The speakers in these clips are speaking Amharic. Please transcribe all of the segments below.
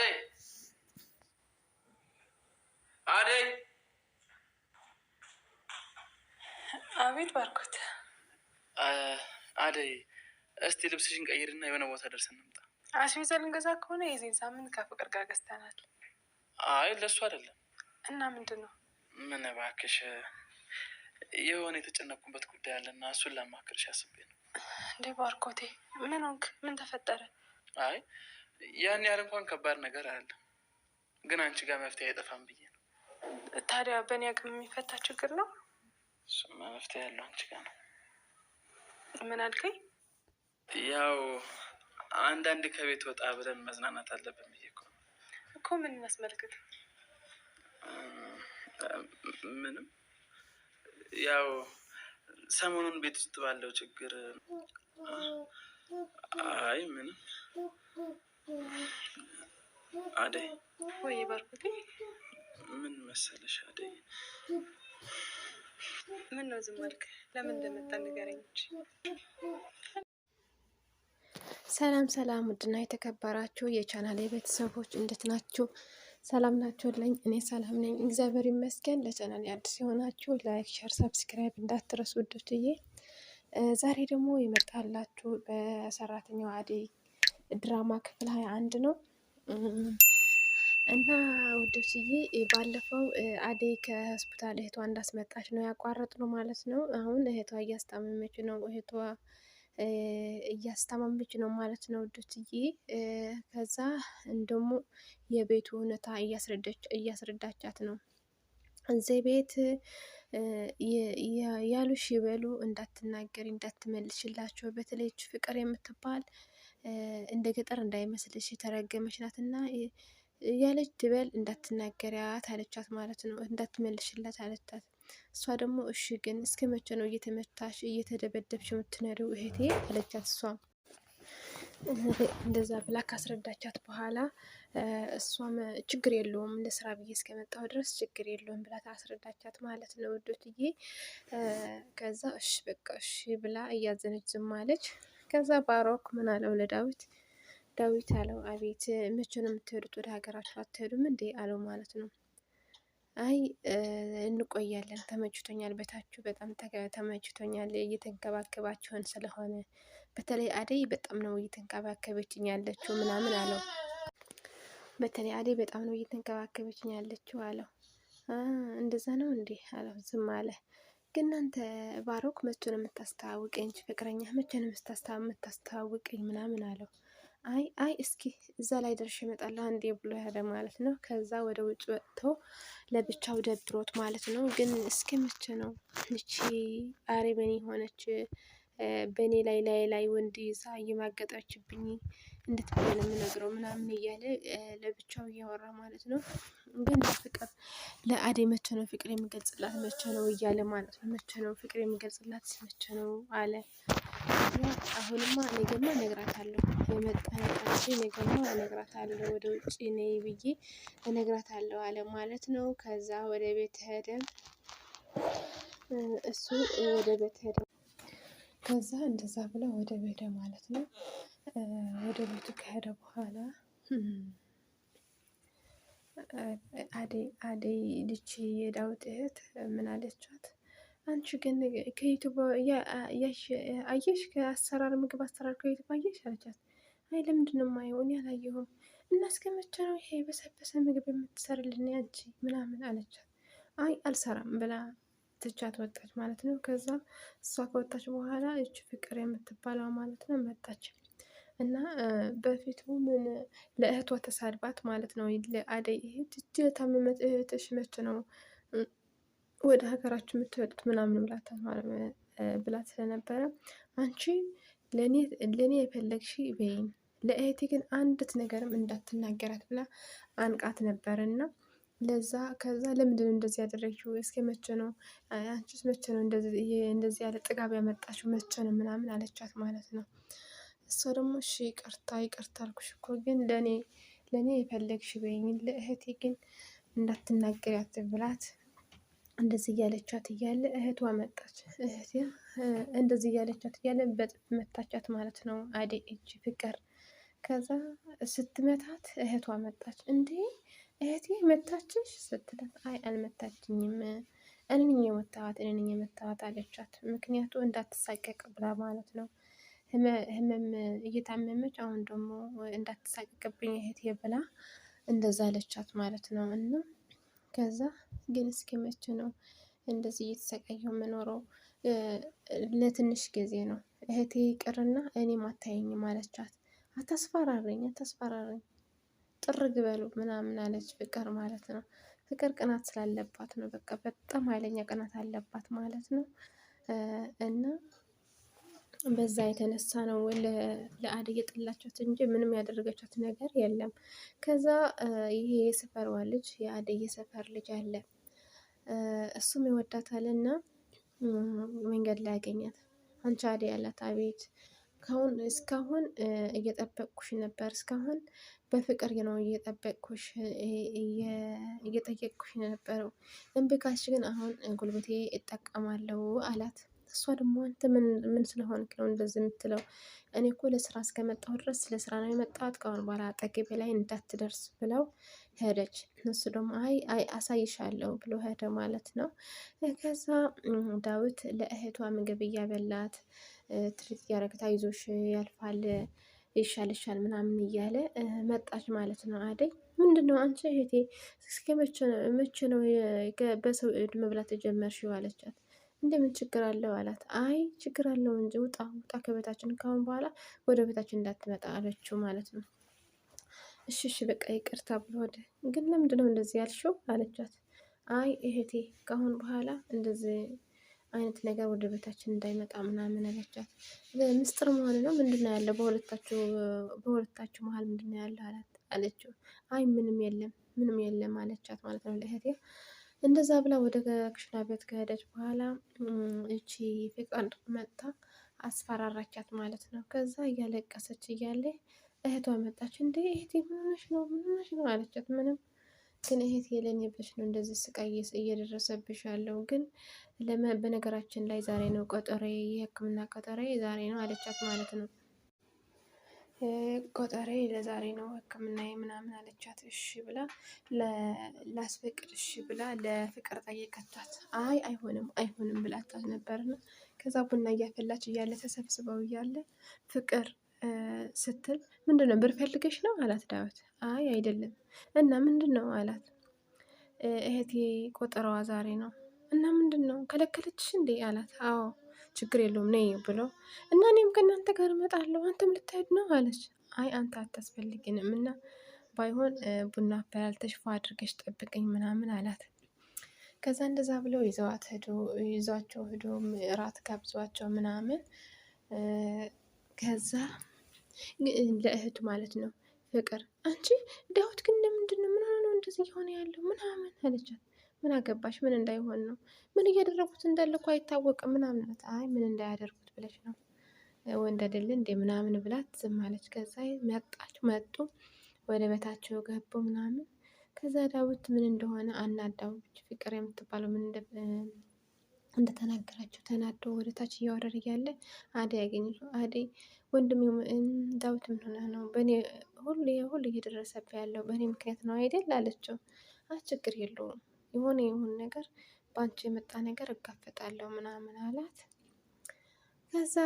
አደይ አደይ አቤት ባርኮት አደይ እስቲ ልብስሽን ቀይርና የሆነ ቦታ ደርሰን እንምጣ አስቤዛ ልንገዛ ከሆነ የዚህን ሳምንት ከፍቅር ጋር ገዝተናል አይ ለሱ አይደለም እና ምንድን ነው ምን እባክሽ የሆነ የተጨነኩበት ጉዳይ አለና እሱን ላማክርሽ አስቤ ነው እንዴ ባርኮቴ ምን ሆንክ ምን ተፈጠረ አይ ያን ያህል እንኳን ከባድ ነገር አለ፣ ግን አንቺ ጋር መፍትሄ አይጠፋም ብዬ ነው። ታዲያ በእኔ አቅም የሚፈታ ችግር ነው? እሱማ መፍትሄ ያለው አንቺ ጋር ነው። ምን አልከኝ? ያው አንዳንድ ከቤት ወጣ ብለን መዝናናት አለብን ብዬ እኮ እኮ ምን እናስመልክት? ምንም ያው ሰሞኑን ቤት ውስጥ ባለው ችግር አይ ምንም አደይ ወይ ባርኩት፣ ምን መሰለሽ አደይ፣ ምን ነው ዝም አልክ? ለምን እንደመጣ ንገረኝ ሰላም ሰላም፣ ውድና የተከበራችሁ የቻናሌ ቤተሰቦች እንዴት ናችሁ? ሰላም ናችሁልኝ? እኔ ሰላም ነኝ፣ እግዚአብሔር ይመስገን። ለቻናል አዲስ የሆናችሁ ላይክ፣ ሸር፣ ሰብስክራይብ እንዳትረሱ ውዶችዬ። ዛሬ ደግሞ የመጣላችሁ በሰራተኛው አደይ ድራማ ክፍል ሀያ አንድ ነው እና ውዶችዬ፣ ባለፈው አደይ ከሆስፒታል እህቷ እንዳስመጣች ነው ያቋረጥ ነው ማለት ነው። አሁን እህቷ እያስታመመች ነው እህቷ እያስታመመች ነው ማለት ነው ውዶችዬ። ከዛ እንደሞ የቤቱ እውነታ እያስረዳቻት ነው እዚህ ቤት ያሉሽ ይበሉ እንዳትናገሪ እንዳትመልሽላቸው። በተለይ ፍቅር የምትባል እንደ ገጠር እንዳይመስልሽ የተረገመች ናትና ያለች ትበል እንዳትናገሪያት አለቻት ማለት ነው። እንዳትመልሽላት አለቻት። እሷ ደግሞ እሺ ግን እስከ መቼ ነው እየተመታሽ እየተደበደብሽ የምትኖሪው እህቴ አለቻት። እሷ እንደዛ ብላ ካስረዳቻት በኋላ እሷም ችግር የለውም ለስራ ብዬ እስከመጣሁ ድረስ ችግር የለውም ብላ አስረዳቻት ማለት ነው ውዶትዬ። ከዛ እሺ በቃ እሺ ብላ እያዘነች ዝም አለች። ከዛ ባሮክ ምን አለው ለዳዊት ዳዊት አለው አቤት መቼ ነው የምትሄዱት? ወደ ሀገራችሁ አትሄዱም እንዴ አለው ማለት ነው። አይ እንቆያለን፣ ተመችቶኛል፣ ቤታችሁ በጣም ተመችቶኛል፣ እየተንከባከባችሁን ስለሆነ በተለይ አደይ በጣም ነው እየተንከባከበችኝ ያለችው ምናምን አለው። በተለይ አደይ በጣም ነው እየተንከባከበችኝ ያለችው አለው። እንደዛ ነው እንዴ አለው። ዝም አለ። ግን እናንተ ባሮክ መቼ ነው የምታስተዋውቀኝ? እንጂ ፍቅረኛ መቼ ነው የምታስተዋውቀኝ ምናምን አለው። አይ አይ እስኪ እዛ ላይ ደርሼ እመጣለሁ አንዴ ብሎ ያለ ማለት ነው። ከዛ ወደ ውጭ ወጥቶ ለብቻው ደብሮት ማለት ነው። ግን እስኪ መቼ ነው እቺ አሬበኒ የሆነች በእኔ ላይ ላይ ላይ ወንድ ይዛ እየማገጠችብኝ ብለን የምነግረው ምናምን እያለ ለብቻው እያወራ ማለት ነው። ግን ፍቅር ለአዴ መቼ ነው ፍቅር የሚገልጽላት መቼ ነው እያለ ማለት ነው። መቼ ነው ፍቅር የሚገልጽላት መቼ ነው አለ። አሁንማ ነገማ እነግራታለሁ የመጣ ነቃሴ ነገማ እነግራታለሁ ወደ ውጭ ነይ ብዬ እነግራታለሁ አለ ማለት ነው። ከዛ ወደ ቤት ሄደ። እሱ ወደ ቤት ሄደ። ከዛ እንደዛ ብለ ወደ ቤደ ማለት ነው። ወደ ቤቱ ከሄደ በኋላ አደይ አደይ ልች የዳዊት እህት ምን አለቻት? አንቺ ግን ከዩቱብ አየሽ ከአሰራር ምግብ አሰራር ከዩቱብ አየሽ አለቻት። አይ ለምንድን ነው የማየው እኔ አላየሁም። እና እስከ መቼ ነው ይሄ የበሰበሰ ምግብ የምትሰርልን ያንቺ ምናምን አለቻት። አይ አልሰራም ብላ ትቻት ወጣች ማለት ነው። ከዛ እሷ ከወጣች በኋላ እች ፍቅር የምትባለው ማለት ነው መጣች እና በፊቱ ምን ለእህቷ ተሳድባት ማለት ነው። ለአደይ እህት እጅ የታመመት እህትሽ መች ነው ወደ ሀገራችሁ የምትወጡት ምናምን ብላት ስለነበረ አንቺ ለእኔ የፈለግሽ በይኝ ለእህቴ ግን አንድት ነገርም እንዳትናገራት ብላ አንቃት እና ለዛ ከዛ ለምንድነው እንደዚህ ያደረግሽው? እስከ መቼ ነው አንቺስ መቼ ነው እንደዚህ ያለ ጥጋብ ያመጣችው? መቼ ነው ምናምን አለቻት ማለት ነው። እሷ ደግሞ እሺ ይቅርታ ይቅርታ አልኩሽ እኮ ግን ለእኔ ለእኔ የፈለግሽ በይኝ ለእህቴ ግን እንዳትናገር ያትብላት እንደዚህ እያለቻት እያለ እህቷ መጣች። እህቴ እንደዚህ እያለቻት እያለ በጥፍ መታቻት ማለት ነው። አዴ እጅ ፍቅር ከዛ ስትመታት እህቷ መጣች። እንዴ እህቴ መታችሽ ስትላት አይ አልመታችኝም፣ እኔ የመታዋት እኔ የመታዋት አለቻት። ምክንያቱ እንዳትሳቀቅ ብላ ማለት ነው። ህመም እየታመመች አሁን ደግሞ እንዳትሳቀቅብኝ እህቴ ብላ እንደዛ አለቻት ማለት ነው። እና ከዛ ግን እስኪ መቼ ነው እንደዚህ እየተሰቃየሁ የምኖረው? ለትንሽ ጊዜ ነው እህቴ ይቅርና እኔ ማታየኝ ማለቻት። አታስፈራረኝ፣ አታስፈራረኝ ጥርግ በሉ ምናምን አለች ፍቅር ማለት ነው። ፍቅር ቅናት ስላለባት ነው። በቃ በጣም ኃይለኛ ቅናት አለባት ማለት ነው። እና በዛ የተነሳ ነው ለአደይ የጠላቻት እንጂ ምንም ያደረገቻት ነገር የለም። ከዛ ይሄ የሰፈርዋ ልጅ የአደይ የሰፈር ልጅ አለ እሱም ይወዳታልና መንገድ ላይ ያገኛት አንቺ አደይ ያላት አቤት ካሁን እስካሁን እየጠበቅኩሽ ነበር፣ እስካሁን በፍቅር ነው እየጠበቅኩሽ እየጠየቅኩሽ ነበረው። እምቢ ካልሽ ግን አሁን ጉልበቴ እጠቀማለሁ አላት። እሷ ደግሞ አንተ ምን ስለሆንክ ነው እንደዚህ የምትለው? እኔ እኮ ለስራ እስከመጣሁ ድረስ ለስራ ነው የመጣሁት። ከአሁን በኋላ አጠገቤ ላይ እንዳትደርስ ብለው ሄደች። እሱ ደግሞ አይ አይ አሳይሻለሁ ብሎ ሄደ ማለት ነው። ከዛ ዳዊት ለእህቷ ምግብ እያበላት ትሪት ያረግታ ይዞሽ ያልፋል ይሻልሻል ምናምን እያለ መጣች ማለት ነው። አደይ ምንድን ነው አንቺ እህቴ እስከ መቼ ነው በሰው እድ መብላት ጀመርሽው? አለቻት። እንደምን ችግር አለው አላት። አይ ችግር አለው እንጂ ውጣ ውጣ ከቤታችን ካሁን በኋላ ወደ ቤታችን እንዳትመጣ አለችው ማለት ነው። እሺ እሺ በቃ ይቅርታ ብሎ ወደ ግን ለምንድን ነው እንደዚህ ያልሽው? አለቻት። አይ እህቴ ካሁን በኋላ እንደዚህ አይነት ነገር ወደ ቤታችን እንዳይመጣ ምናምን አለቻት። ምስጢር መሆን ነው ምንድን ነው ያለ በሁለታችሁ መሀል ምንድን ነው ያለ አለችው። አይ ምንም የለም ምንም የለም አለቻት ማለት ነው ለእህቴ። እንደዛ ብላ ወደ ክሽና ቤት ከሄደች በኋላ እቺ ፍቅር መጥታ አስፈራራቻት ማለት ነው። ከዛ እያለቀሰች እያለ እህቷ መጣች። እንዴ እህቴ ምን ነው? ምን ነው አለቻት። ምንም ግን እህት የለኝ ነው እንደዚህ ስቃይ እየደረሰብሽ ያለው። ግን በነገራችን ላይ ዛሬ ነው ቆጠሬ የህክምና ቀጠሬ ዛሬ ነው አለቻት ማለት ነው። ቆጠሬ ለዛሬ ነው ህክምና የምናምን አለቻት። እሺ ብላ ላስፈቅድ እሺ ብላ ለፍቅር ጠየቀቻት። አይ አይሆንም አይሆንም ብላቻት ነበርና ከዛ ቡና እያፈላች እያለ ተሰብስበው እያለ ፍቅር ስትል ምንድን ነው ብር ፈልገሽ ነው አላት ዳዊት። አይ አይደለም። እና ምንድን ነው አላት። እህቴ ቆጠረዋ ዛሬ ነው እና ምንድን ነው ከለከለችሽ እንዴ አላት። አዎ ችግር የለውም ነይ ብሎ እና እኔም ከእናንተ ጋር እመጣለሁ አንተም ልታሄድ ነው አለች። አይ አንተ አታስፈልግንም እና ባይሆን ቡና አፈላል ተሽፋ አድርገሽ ጠብቀኝ ምናምን አላት። ከዛ እንደዛ ብለው ይዘዋት ህዶ ይዟቸው ሄዱ እራት ጋብዟቸው ምናምን ከዛ ለእህቱ ማለት ነው። ፍቅር አንቺ ዳዊት ግን ለምንድን ነው ምን ሆነ ነው እንደዚህ እየሆነ ያለው ምናምን አለቻት። ምን አገባሽ? ምን እንዳይሆን ነው? ምን እያደረጉት እንዳለ እኮ አይታወቅም ምናምን አይ ምን እንዳያደርጉት ብለሽ ነው ወንድ አይደለ እንዴ ምናምን ብላት ዝም አለች። ከዛ መጣችሁ መጡ ወደ ቤታቸው ገቡ ምናምን ከዛ ዳዊት ምን እንደሆነ አናዳው ፍቅር የምትባለው ምን እንደተናገራቸው ተናዶ ወደ ታች እያወረደ እያለ አደይ ያገኘችው። አደይ ወንድም ዳዊት ምን ሆነ ነው በእኔ ሁሉ ሁሉ እየደረሰብህ ያለው በእኔ ምክንያት ነው አይደል አለችው። አችግር የለውም የሆነ የሆን ነገር በአንቺ የመጣ ነገር እጋፈጣለሁ ምናምን አላት። ከዛ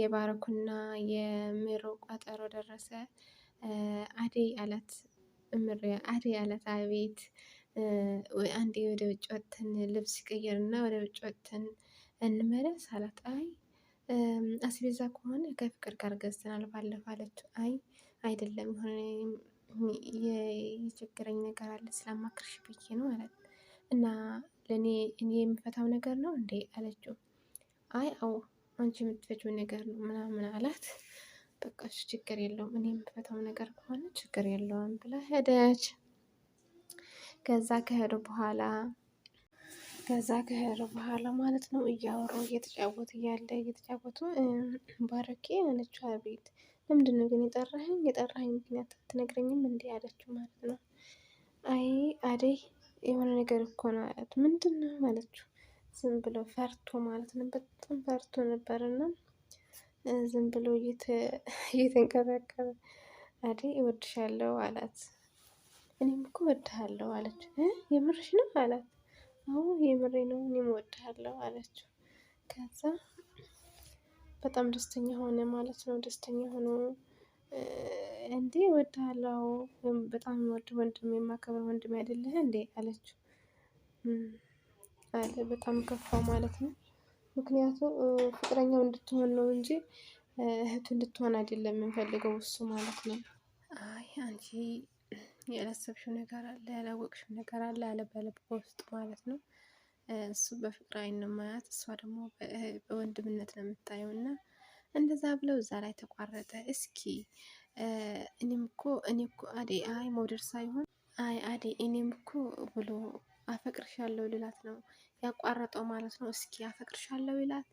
የባረኩና የምሮ ቋጠሮ ደረሰ። አደይ አላት እምር አደይ አላት አቤት አንዴ ወደ ውጭ ወጥተን ልብስ ና ወደ ውጭ ወጥተን እንመለስ አላት። አይ አስቤዛ ከሆነ ከፍቅር ጋር ገዝተናል ባለፈ አለችው። አይ አይደለም፣ የሆነ የቸገረኝ ነገር አለ ስላማክርሽ ብዬ ነው አላት። እና ለእኔ እኔ የምፈታው ነገር ነው እንዴ አለችው። አይ አዎ አንቺ የምትፈጅው ነገር ነው ምናምን አላት። በቃ ችግር የለውም እኔ የምፈታው ነገር ከሆነ ችግር የለውም ብላ ሄደች። ከዛ ከሄዱ በኋላ ከዛ ከሄዱ በኋላ ማለት ነው እያወሩ እየተጫወቱ እያለ እየተጫወቱ ባረኬ ያለችው አቤት ለምንድን ነው ግን የጠራኸኝ? የጠራኸኝ ምክንያት አትነግረኝም? እንዲህ አለችው ማለት ነው። አይ አደይ የሆነ ነገር እኮ ነው አላት። ምንድን ነው አለችው። ዝም ብሎ ፈርቶ ማለት ነው። በጣም ፈርቶ ነበር እና ዝም ብሎ እየተንከባከበ አደይ እወድሻለሁ አላት። እኔም እኮ እወድሃለሁ አለች። የምርሽ ነው አላት። አዎ የምሬ ነው እኔም እወድሃለሁ አለችው። ከዛ በጣም ደስተኛ ሆነ ማለት ነው። ደስተኛ ሆኖ እንዴ እወድሃለሁ፣ በጣም ወድ ወንድም የማከብር ወንድም አይደለህ እንዴ አለችው። አለ በጣም ከፋው ማለት ነው። ምክንያቱ ፍቅረኛው እንድትሆን ነው እንጂ እህቱ እንድትሆን አይደለም የምንፈልገው እሱ ማለት ነው። አይ አንቺ ያላሰብሽው ነገር አለ፣ ያላወቅሽው ነገር አለ፣ አለበለብ በውስጥ ማለት ነው። እሱ በፍቅር አይን ነው ማያት፣ እሷ ደግሞ በወንድምነት ነው የምታየው። እና እንደዛ ብለው እዛ ላይ ተቋረጠ። እስኪ እኔም እኮ እኔ እኮ አዴ አይ መውደድ ሳይሆን አይ አዴ እኔም እኮ ብሎ አፈቅርሻለሁ ልላት ነው ያቋረጠው ማለት ነው። እስኪ አፈቅርሻለሁ ይላት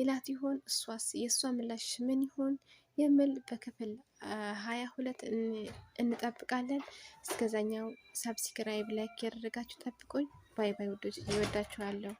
ይላት ይሆን? እሷስ የእሷ ምላሽ ምን ይሆን? የሚል በክፍል ሀያ ሁለት እንጠብቃለን። እስከዛኛው ሰብስክራይብ፣ ላይክ ያደረጋችሁ ጠብቁኝ። ባይ ባይ ውዶች፣ ይወዳችኋለሁ።